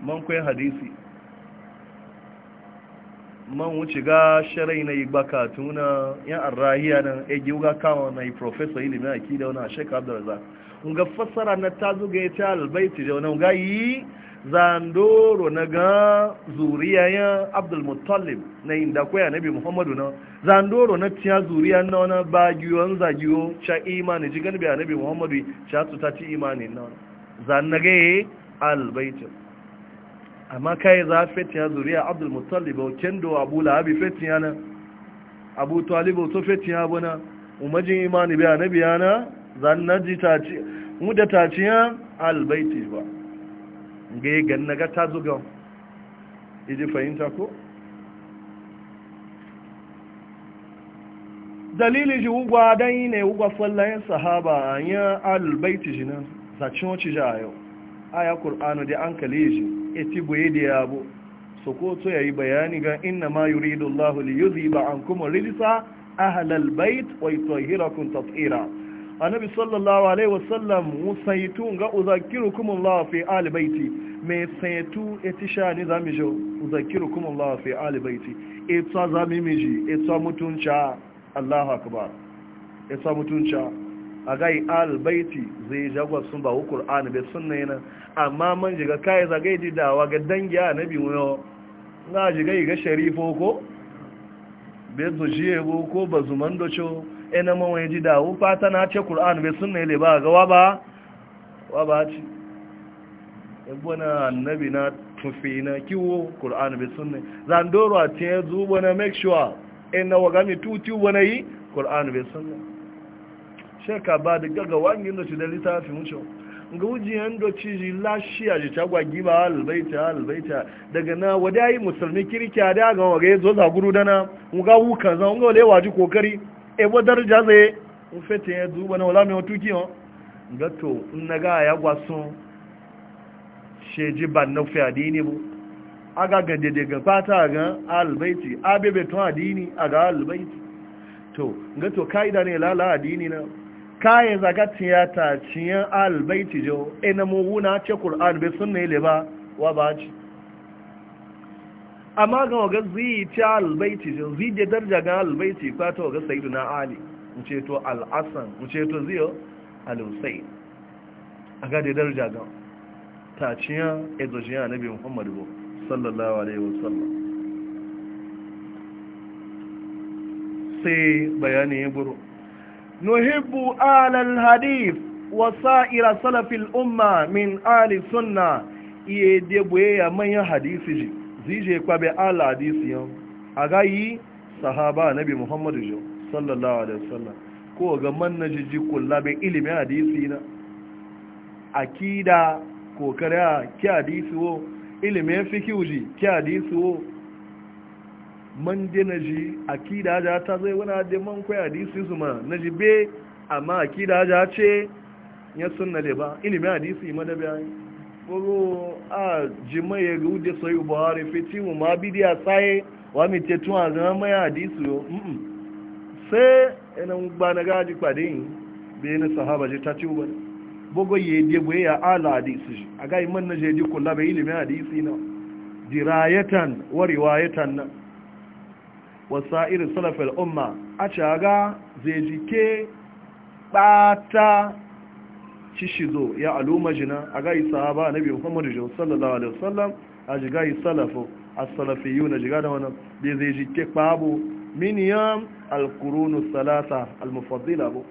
man ku hadisi man wuce ga sharai na yi baka tuna yan arrahiya nan ya eh, gi ga kama na yi professor ilimin aki da wani da za un ga fassara na ta zuga ya ta albaiti da wani ga yi zandoro na ga zuriya ya abdul muttalib na yin da koya bi muhammadu na zandoro na tiya zuriya na wani ba an zagiyo cha imani ji gani bi muhammadu cha ta ci imani na wani zan na ga yi eh, albaitin amma kai za fetiya zuriya abdul mutallib kendo abu lahabi fetiya na abu talib to fetiya bana umajin imani biya na biya na zannaji ta ci mu da ta ci albaiti ba ga ganna ga ta zuga iji fahimta ko dalili ji ugwa dan ne ugwa fallayen sahaba yi albaiti wacce zacin wuce jayo aya qur'anu da an kalli ji eti boye da yabo so ko to yayi bayani ga inna ma yuridu Allahu li yuziba ankum rijsa ahlal bait wa yutahhirakum tathira annabi sallallahu alaihi wasallam musaitu ga uzakirukum Allah fi ali baiti me saitu e ni zamijo uzakirukum Allah fi ali baiti etsa zamimiji etsa mutunca Allahu akbar etsa mutunca a gai albaiti zai jagwa sun ba hukur an bai sunna yana amma man jiga kayi zagai didawa ga dangi a nabi wuyo na jiga ga sharifo ko bai zo jiye ko ba zuman doco ina man wani didawo fata na ce Kur'an bai sunna ile ba ga waba waba ci ibuna annabi na na kiwo Kur'an bai sunna zan doro a ce zuwa na make sure ina wagami tutu wani kur'an bai suna. sheka ba da gaga wangin da ci da littafi wuce ga wujiyan da ci ji lashiya ji ta gwagi ba albaita albaita daga na wadayi musulmi kirki a daga waga ya zo zaguru dana nga wuka zan nga wale waji kokari e bo daraja zai un fete ya duba na wala mai tuki on ga to in na ga ya gwaso sheji ban na fi adini bu aga ga dede ga fata ga albaiti abebe tun adini aga albaiti to ga to kaida ne lala adini na kaye ya ta ciyan albaiti jo ina muwuna ce qur'an bai sunna ile ba wa ba ci amma ga ga zi ci albaiti jo zi je darja ga albaiti ka to ga sayyiduna ali mu ce to al-hasan mu ce to ziyo al-husayn aga da darja ga ta ciyan edojiya Nabi muhammadu sallallahu alaihi wasallam sai bayani ya buru نحب آل الحديث وسائر سلف الأمة من آل السنة يدبوي من حديث جي زيجي كوابي آل حديث يوم أغاي صحابة نبي محمد جو صلى الله عليه وسلم ko ga manna jiji kula bai ilimin أكيدا كو كريا كي ki hadisi wo ilimin fikiuji ki hadisi wo man de na ji akida ja ta zai wani da man kwaya hadisi su ma na ji be amma akida ja ce ya sunna da ba ilimin hadisi ma da bayani ko a jima ya ga wuce sai buhari fiti mu ma bidiya sai wa mi te tun azan mai hadisi yo mm sai ina ba na gaji kwadin be na sahaba ji ta ci uba bogo ye de boye ya ala hadisi aga iman na je ji kullu be ilimin hadisi na dirayatan wa riwayatan na wasa irin salafin umma a caga zai jike ɓata cishizo ya aluma jina a gayi sahaba na biyu muhammadu jihu sallallahu alaihi wasallam a ji gayi salafo a salafi yiwu na jiga da wani da zai jike kpabo miniyan alkurunu salasa almufaddila bu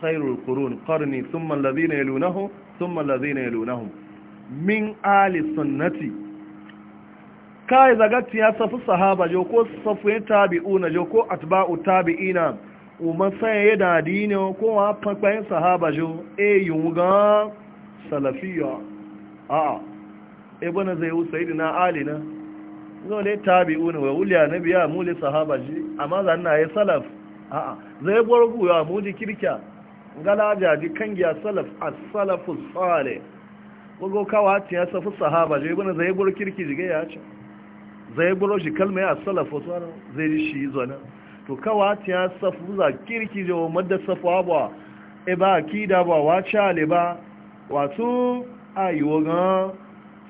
khairul kurun karni sun mallazi na yalunahu sun mallazi na yalunahu min ali sunnati kai zagatti ya safi sahaba jo ko safi tabi'una jo ko atba'u tabi'ina umar sai ya dadi ne ko wa fakpayin sahaba jo e yunga salafiya a a e bana zai sai dina ali na ne tabi'una wa uliya nabiya mu mule sahaba ji amma zan na ya salaf a a zai borgu ya muji kirkiya galaja ji kangiya salaf as-salafus salih go kawati ya safi sahaba jo ibn zai bor kirki jige ya ce zai gburo shi kalma ya salafa tsara zai yi shi zana to kawa ta ya safu za kirki jawo madda safu abuwa e ba kida ba wa cale ba wato a yi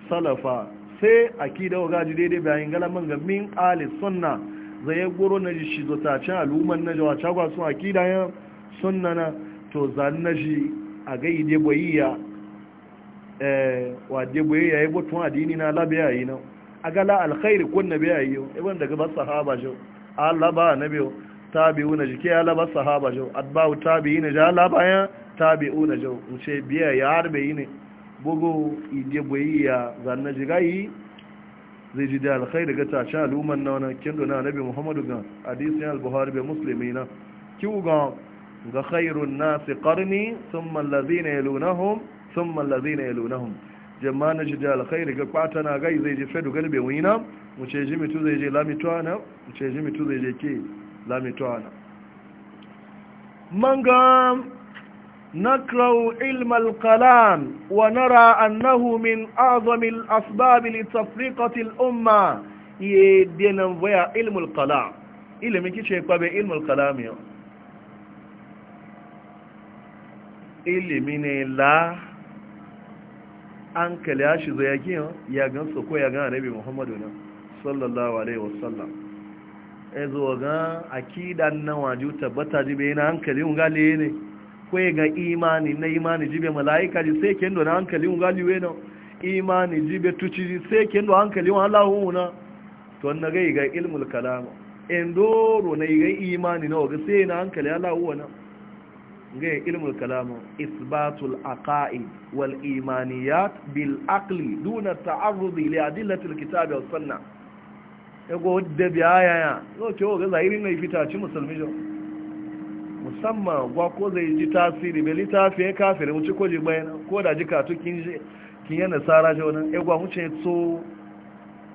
salafa sai akida waga ji daidai bayan galaman ga min ali sunna zai gburo na ji shi zota can al'ummar na jawa cagwa sun kida ya sunna na to zan na ji a ga ide boyiya ya eh, wa de boyiya ya gotun adini na labiya yi na a gala alkhairi kun na ayyo yi ibn daga ba sahaba jo Allah ba na biyo tabi'una jike ya ba sahaba jo atba'u tabi'ina ja la bayan tabi'una jo ce biya ya be yi ne bugu ide boyiya ya zanna jigayi zai ji da alkhairi ga ta cha luman na wannan kin dona nabi muhammadu ga hadisi al-buhari be muslimina kiwu ga ga khairun nas qarni thumma alladhina yalunahum thumma alladhina yalunahum jama na shi da alkhairi ga kwata na gai zai je fedu gani bai wina wuce ji mitu zai je lamituwana wuce ji mitu zai je ke lamituwana manga نقرأ علم الكلام ونرى أنه من أعظم الأسباب لتفرقة الأمة يدينا ويا علم الكلام إلي ميكي شيكوا بعلم الكلام إلي ne la. an kale ya shi zai yake ya gansu ko ya gan rabi muhammadu na sallallahu alaihi wasallam ya zo gan akidan na waju tabbata jibe na hankali un gali ne ko ya ga imani na imani jibe malaika ji sai kendo na hankali un gali we na imani jibe tuci ji sai kendo hankali un Allah na to na ga ga ilmul kalam endoro na ga imani na ga sai na hankali Allah na ga ilmul kalamu isbatul aqaid wal imaniyat bil aqli duna ta'arrudi li adillatil kitabi was sunna ego da biya ya no ke o ga zahirin ne fita ci musulmi jo musamman gwa ko zai ji tasiri bai litafi ya kafiri mu ci ko ji bayana ko da ji katu kin je kin yana sara jo nan ego mu ce so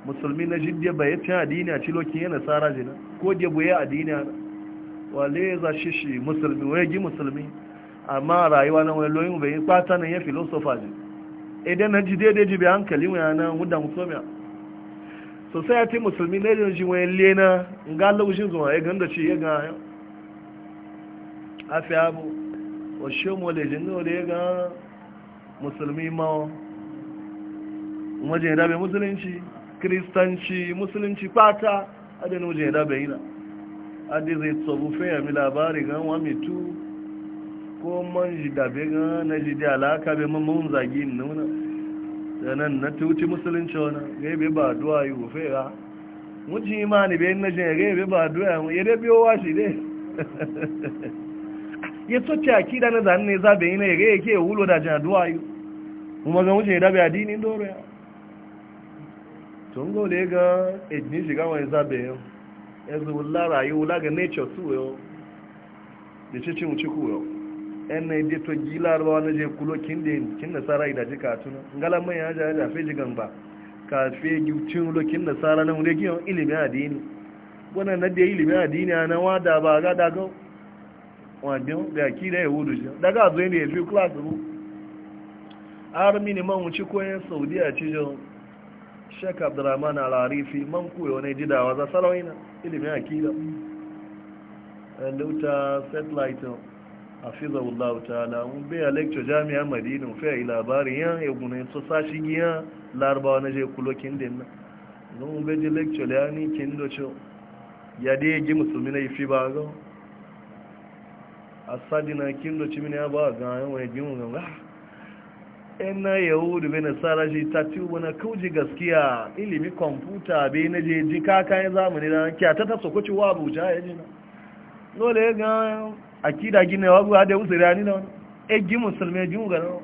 musulmi na jiddiya bai ta adini a ci lokin yana sara jina ko je buye adini wale za shishi musulmi wai gi musulmi amma rayuwa na wani loyin bai kwata nan ya filosofa ne idan na ji daidai ji bai hankali mu yana wuda musomiya society musulmi ne da ji wani lena ga laushin zuwa ya ganda ci ya ga afi abu o shi mu le jin no le ga musulmi ma wajen rabe musulunci kristanci musulunci kwata adana wajen rabe ila adi zai tsabu fiye mi labari gan wa mitu ko man ji dabe gan na ji da alaka bai mamman zagi nuna sanan na tuti musulunci wani gaibe ba duwa yi gufe ga mujin imani bai na jin gaibe ba duwa ya dai biyo wa shi dai (laughs) ya tsoci a kida na zane ne zaɓe yi na ya gaya ke wulo da jin duwa yi kuma ga mujin ya dabe adinin doro ya tun gole ga ejini shiga wani zaɓe yau yanzu wula rayu ga nature su yau da cikin ciku yau yan na je to gila ruwa na je kulo kin da kin nasara katuna ngalan mai haja haja fe jigan ba ka fe gicin lo kin na wuri giyan ilimin addini wannan na da ilimin addini na wada ba ga da ga wajen da ki da yahudu ji daga zo ne fi class ru armi ne man wuci koyan saudiya ci jo shek abdurrahman al-arifi man koyo ne jidawa za sarawina ilimin akida a dauta satellite a wuta ta'ala mun bai a lecture jami'a madina a yi labarin yan egunan su sashi giya larabawa na je kulokin din na don mun bai ji lecture da yani kin da ce ya da gi musulmi na ifi ba ga A na kin da mini ya ba ga yan wani gimu ga ah, ina yahudu bai nasara shi ta tuba na kauji gaskiya ilimi kwamfuta bai na je ji kakan zamani na kyata ta sokoci wa abuja ya ji na dole ya ga akida gina wa guwa da wuce rani na wani e egi musulmi ji e mu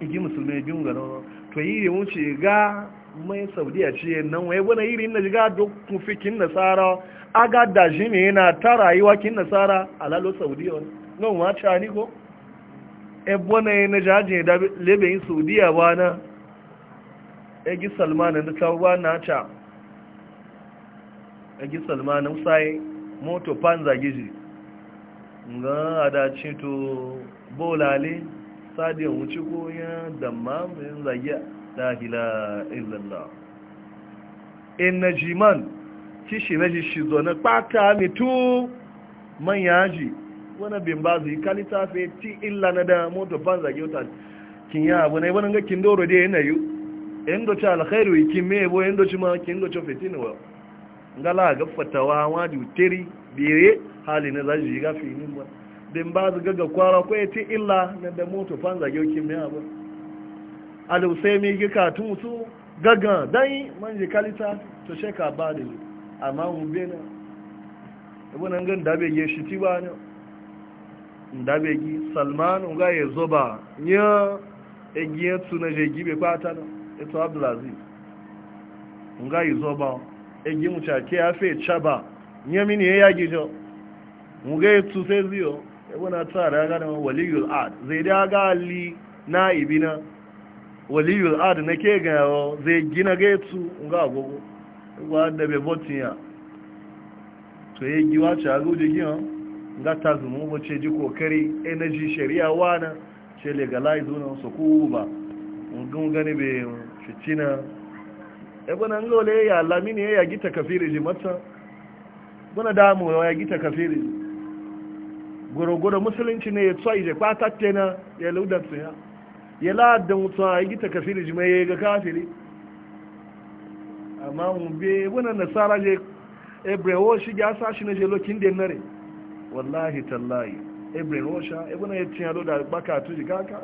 egi musulmi ji e mu gano to yi da wuce ga mai saudiya ce nan wai wani iri na ji ga dokun fikin nasara aga da shi ne yana ta rayuwa kin nasara alalo saudiya wani nan ma ci ko ebwana na jajin da lebe yin saudiya ba na egi salmanin da tawuwa na ca egi salmanin sai moto panza gizi nga ada to bolale sadiyan wuce koya da mamayin zage dahila illallah in na jiman kishi na shi zo na kpata mitu manya ji wani bin ba zai ka ti illa na da moto banza gyota kin ya abu ne wani ga kin doro dai yana yi yan doce alkhairu yi kin mebo yan doce ma kin doce fitina wa la ga fatawa wa di teri bire hali na zaji ga fini ba bin ba zai ga kwara ko ti illa na da moto banza gyota kin me abu alu sai mi ga katun su dai manje kalita to sheka ba da amma mu bena ibonan gan dabe ge shi ti ba ne ndabe gi salman nga ye zoba nya egiye tuna je gibe kwata no eto abdulaziz nga ye zoba egi mucha ke afe chaba nya mini ye yagijo nga ye tusezio ebona tsara ga na waliyul ad zai da ga ali na ibina waliyul ad na ke ga zai gina ga yetu nga gogo e wa da be votinya to ye giwa cha goje gi ha gata zumu ce ji kokari energy shari'a wana ce legalize wunan su ba ɗin gani ya shicina ebona ngole ya lamini ya gita kafiri ji matsa buna damu ya gita kafiri gwaro musulunci ne ya tsaye ije kwatatte na ya laudarsu ya ya ladda mutu ya gita kafiri ji mai ga kafiri amma mu be buna nasara je ebrewo shi ya sashi na je lokin denare wallahi tallahi ibn rosha ibn ya tinya da baka tuji kaka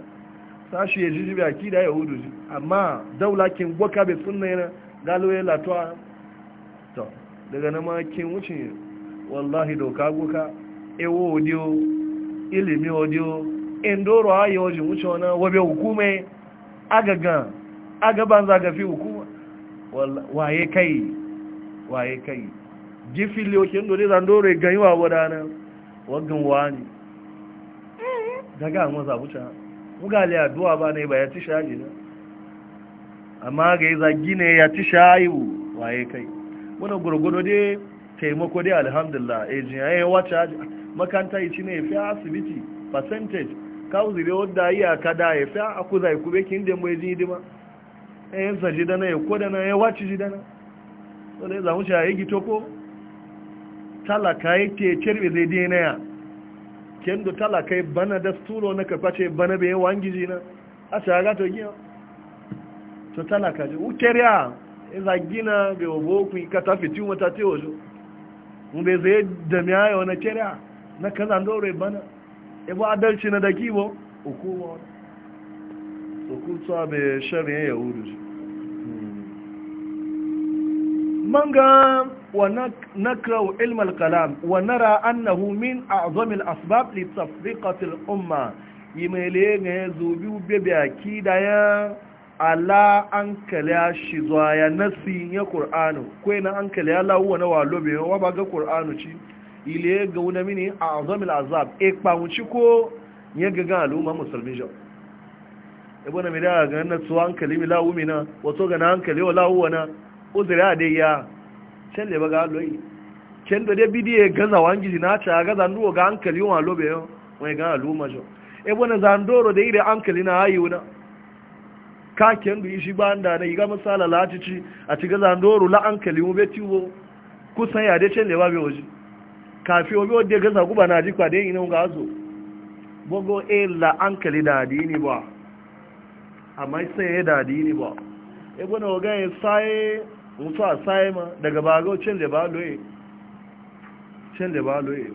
sashi ya jiji ba ki da yahudu ji amma daula kin gwaka bai sunna yana galo ya latuwa to daga nan ma kin wuce wallahi doka gwaka ewo odiyo ilimi odiyo endoro ayo waje wuce wani wabe hukume agagan agaban zagafi hukuma waye kai waye kai gifili oke ndore zandore ganyi wa wadana wagan wani daga maza buca muga le addu'a ba ne ba ya ci shaji na amma ga zagi ne ya ci shayi waye kai Wani gurgudu dai taimako dai alhamdulillah eh jiyaye eh, wata makanta yi ne fi asibiti percentage kawo zibe wadda yi a kada ya fi a kuza ya kube kin dembo ya ji hidima eh, ya yi sa jidana ya kodana ya wace dana. wadda ya zamu shi a yi gito ko talaka yi te cirbe zai dina ya kendo talaka yi bana da sturo na kaface bana bai yawan gizi na a shaga to giya to talaka ji ukere ya iza gina bai wabo ku ka ta fiti mata te wajo mu bai zai da miya ya wani kere ya na kaza ndore bana ibo adalci na da kibo hukuma wani so ku tsabe shari'a ya wuri manga wa nakrau ilm kalam wa nara annahu min a'zami al-asbab li tafriqat al-umma yimele ne zubi bebe akida ya an kala shi zuwa ya nasi ya qur'anu ko ina an kala ya lawo na walobe wa ba ga qur'anu ci ile ga wuna mini a'zami al-azab ko ya ga ga al'umma musulmi jo ibona e mi da uzuri a dai ya can leba ga aloyi can da dai bidiye gaza wangi na ta gaza nduwa ga hankali wa lobe yau wani ga aluma jo e bona zandoro da ire hankali na ayi wuna ka kendo du ishi ba nda na iga misala la ci a gaza ndoro la hankali mu beti wo kusan ya dai can leba be waje kafi obi wadda gaza guba na ji kwa dai ina ga zo bogo e la hankali da adini ba amma sai ya e da adini ba e bona oga ya sai e mutu a ma daga bago cin da ba loye cin da ba loye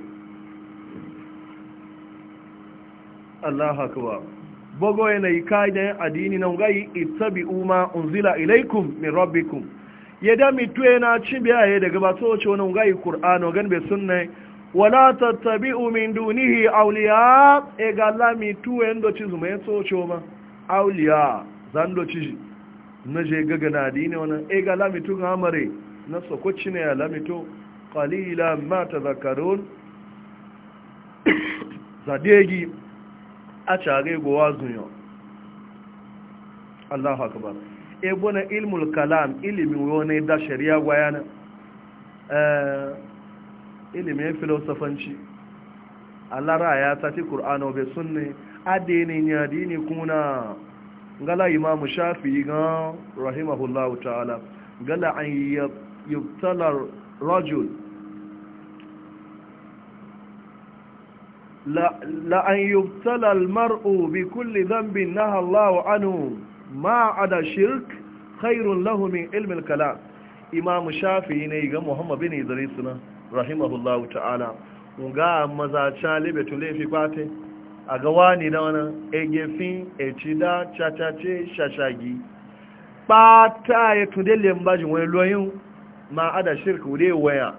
Allah haka bogo yanayi kayan adini na yi itabi uma unzila ilaikum min rabbikum ya da mitu yana cin biyaye daga ba to ce wani ngayi qur'ano gan be sunna wala tattabi min dunihi awliya e galla mitu endo ci zuma ya to ce ma awliya zando ci na je gaga na adini wani e ga lamitu ga amare na sokoci ne ya lamitu kalila Mata, ta zakarun (coughs) zadegi a care gowa zuniyo allahu akbar e bona ilmul kalam ilimin wani da shari'a gwayana eh, ilimin filosofanci a lara ya ta ti ƙur'ano bai sunne adini ya dini kuna gala imamu shafi gan rahimahullahu ta'ala gala an yubtalar rajul la an yubtala almar'u bi kulli dhanbin na Allahu anu, ma ada shirk khairun lahu min ilmi alkalam imam shafi ne ga muhammad bin idris na rahimahullahu ta'ala ga maza chalibe tulefi kwate a ga wani na wani egefin ecida cacace shashagi Ba ta yi tunde lambajin wani loyin ma ada shirka wude waya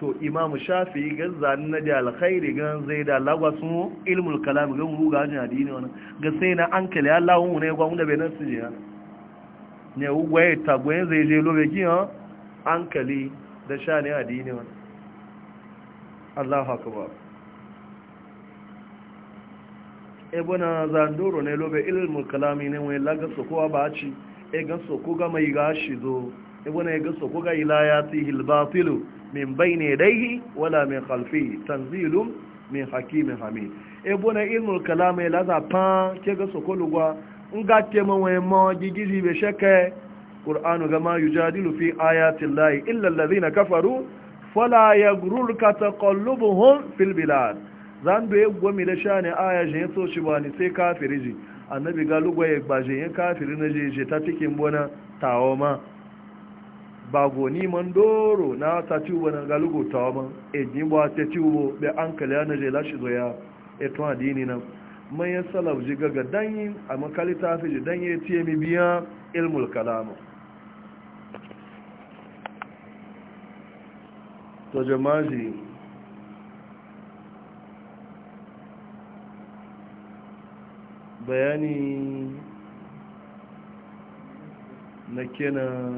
to imamu shafi ga zane na da alkhairi gan zai da sun ilmul kalam gan ruga ajin adini wani ga sai na an kele allahun wune gwa wunda bai nasu jiya ne ugwaye tagwayen zai je lobe gina an kele da sha ne adini wani allahu ebona zanduro ne lobe ilmul kalami ne wai laga sokowa ba ci e ga soko ga mai gashi zo ebona e ga soko ga ila ya tihil batilu min bayni dai? wala min khalfihi tanzilun min hakimin hamid ebona ilmul kalami la za pa ke ga soko lugwa nga ke ma wai ma gigiri be shaka qur'anu ga ma yujadilu fi ayati llahi illa alladhina kafaru fala yaghurruka taqallubuhum fil bilad zan da ya gwami da sha ne aya shi ya soci ba ni sai kafiri ji annabi galugwa ya ba shi ya kafiri na je je ta cikin bona tawo ma ba goni man doro na ta ci ubo na galugo tawo ma e ji ba ta ci ubo bai an kala na je lashi zo ya e tun adini na man ya salaf ji gaga danyi a makali ta fi ji danyi ya ce mi biya ilmul kalama to jama'a bayani na kena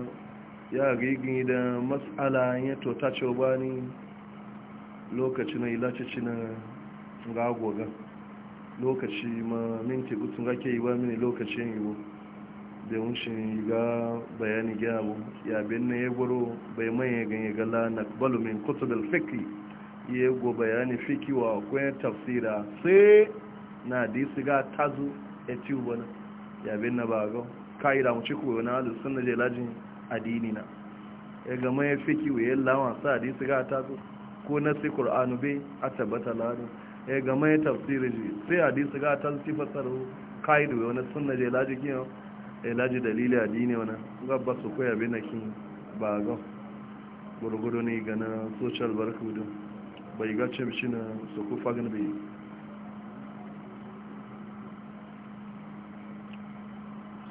ya gigi da matsala ya tota ce ba ni lokaci na ilacici na gagoga lokaci ma minti gutsun gake yi ba mini lokacin yiwu da shi ga bayani gyawo ya bin na ya gwaro bai maye ganye gala na balumin kutubin fiki ya go bayani fiki wa kwayan tafsira sai na su ga tazu ya ci wani yabin na ba ga kayi da mace kuwa na hadu sun naje lajin adini na ya gama ya fi kiwa ya lawan sa su ga tazu ko na sai kur'anu bai a tabbata lari ya gama ya tafsiri ji sai hadisi ga tazu ci fasar kayi da wani sun naje lajin kiyo ya laji dalili adini wani gabba su koya bin na kin ba ga gurgudu ne ga na social barkudu bai gace shi na su kufa gani bai